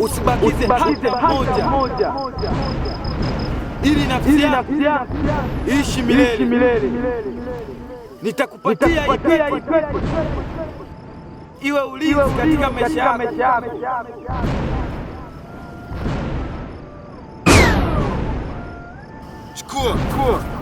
Usibakize hata moja ili nafsi yako ishi milele nitakupatia iwe ulinzi katika maisha yako. Chukua, Chukua.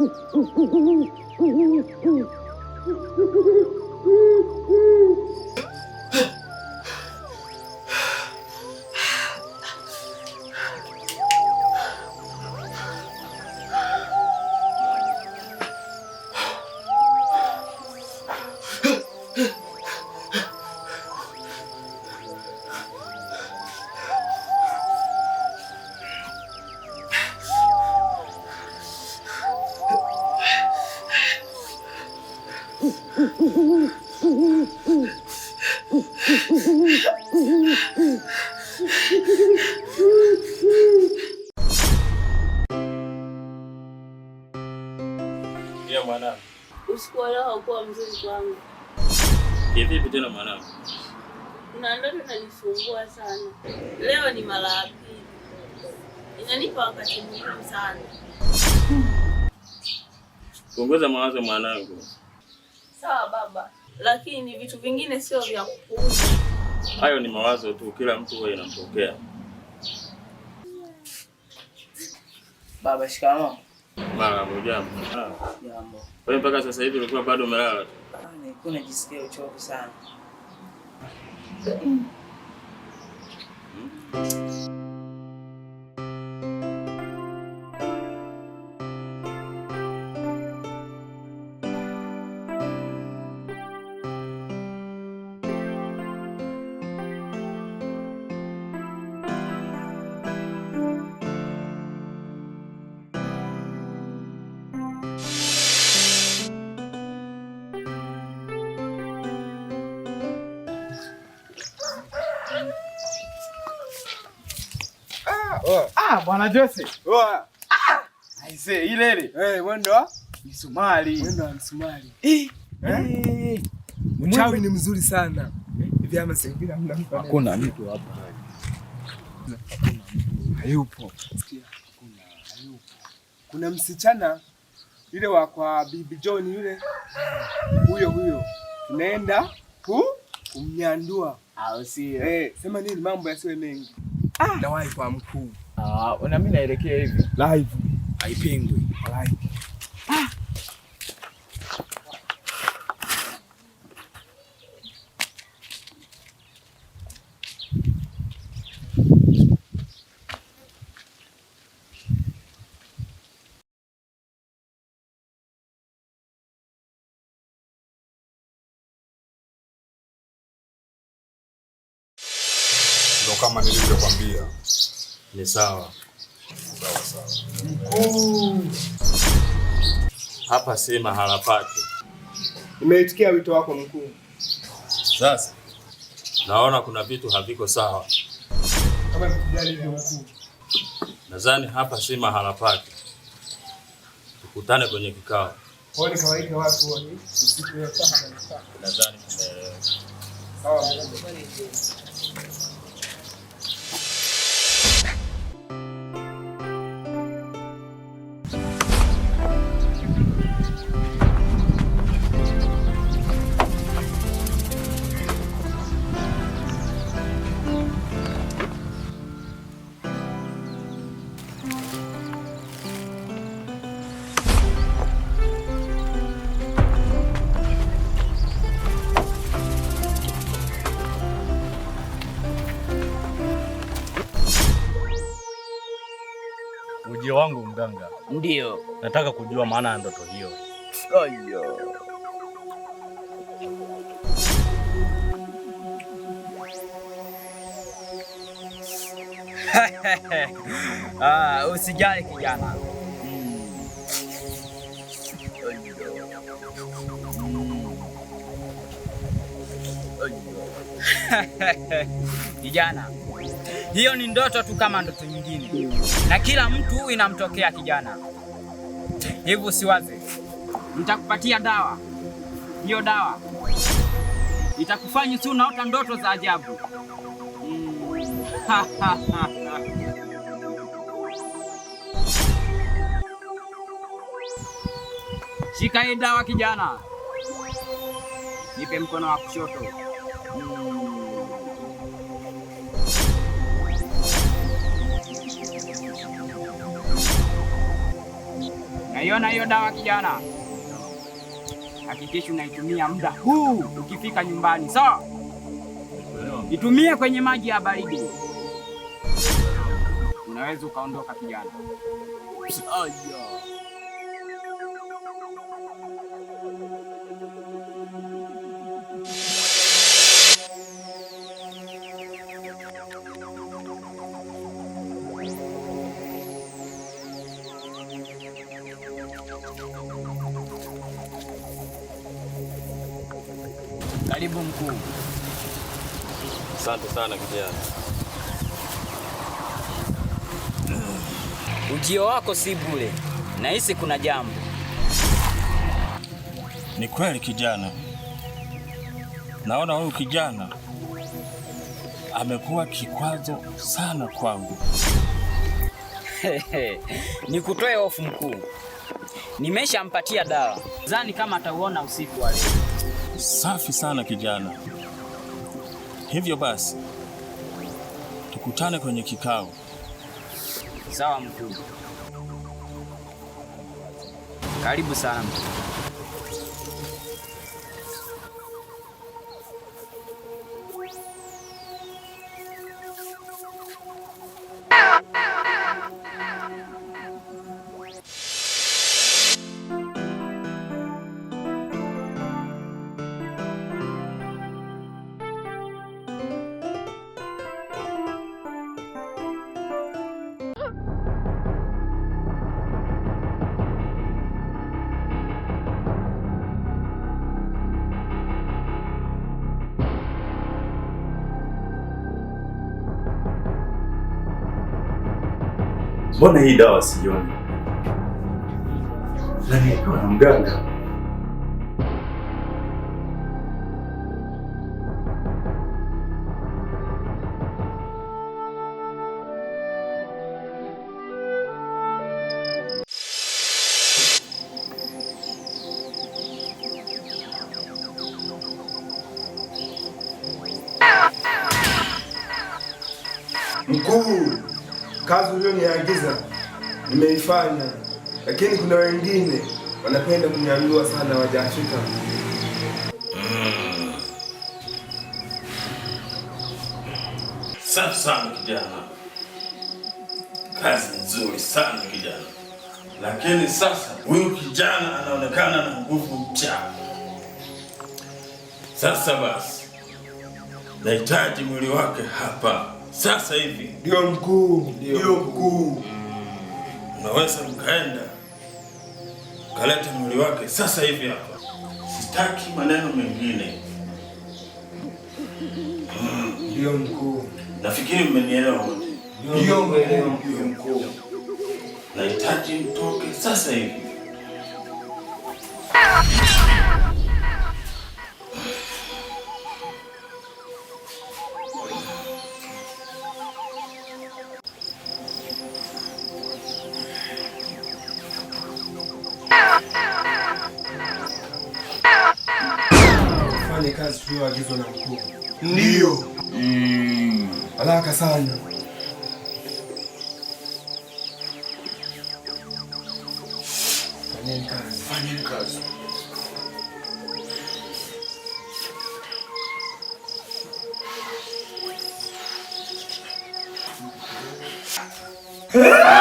Mm-hmm. kuongea mwanangu. Usiku leo haukuwa mzuri kwangu. Kivipi tena mwanangu? Kuna ndoto inanisumbua sana. Leo ni mara ya pili. Inanipa wakati mgumu sana. Punguza mawazo mwanangu. Sawa baba, lakini vitu vingine sio vya kupuuza. Hayo ni mawazo tu, kila mtu huwa inampokea. Baba, shikamoo. Mara jambo. Ah, jambo. Kwa hiyo mpaka sasa hivi ulikuwa bado umelala? Ah, nilikuwa najisikia uchovu sana. Hmm. Ah, ah, bwana Jose. Oh. Aise, ah. ile ile. Eh, mwendo Msumali. Mwendo wa Msumali. Eh. Eh. eh. Mchawi ni mzuri sana. Vyama sivile hamna. Hakuna mtu hapa. Hayupo. Sikia, hakuna. Hayupo. Kuna msichana yule wa kwa Bibi John yule. Huyo huyo. Tunaenda ku kumnyandua. Au sio? Eh, sema nini mambo yasiwe mengi ah. Nawahi kwa mkuu. Ah, na mimi naelekea hivi. Live. Haipingwi. like kama nilivyokwambia. Ni sawa sawa sawa. hapa si mahala pake. Nimeitikia wito wako mkuu. Sasa naona kuna vitu haviko sawa. Nadhani hapa si mahala pake, tukutane kwenye kikao. Nadhani mganga? Ndio. Nataka kujua maana ya ndoto hiyo. Ayo. Ah, usijali kijana. Hmm. Kijana, hiyo ni ndoto tu kama ndoto na kila mtu inamtokea kijana. hivi usiwaze, nitakupatia dawa. Hiyo dawa itakufanya si unaota ndoto za ajabu. Shika hii dawa kijana, nipe mkono wa kushoto. Hmm. Naiona hiyo dawa kijana, hakikisha unaitumia muda huu ukifika nyumbani, sawa? Itumie kwenye maji ya baridi. Unaweza ukaondoka kijana. Karibu mkuu. Asante sana kijana. Ujio wako si bure. Nahisi kuna jambo. Ni kweli kijana, naona huyu kijana amekuwa kikwazo sana kwangu. Nikutoe hofu mkuu, nimeshampatia dawa, zani kama atauona usiku wa leo. Safi sana kijana. Hivyo basi tukutane kwenye kikao. Sawa mtu. Karibu sana mtu. Mbona hii dawa sioni? Na nimepewa na mganga. Mkuu kazi ulioniagiza nimeifanya, lakini kuna wengine wanapenda kunyanyua sana, wajafika mm. Safi sana kijana, kazi nzuri sana kijana, lakini sasa huyu kijana anaonekana na nguvu mcha Sasa basi nahitaji mwili wake hapa sasa hivi ndio mkuu, ndio mkuu. Unaweza mm. mkaenda kaleta mwili wake sasa hivi hapa, sitaki maneno mengine. Ndio mkuu, nafikiri mmenielewa wote. Ndio mkuu, nahitaji mtoke sasa hivi. ni kazi tulioagizwa na mkuu. Ndio. Mm. Haraka sana. Fanyeni kazi. Fanyeni kazi.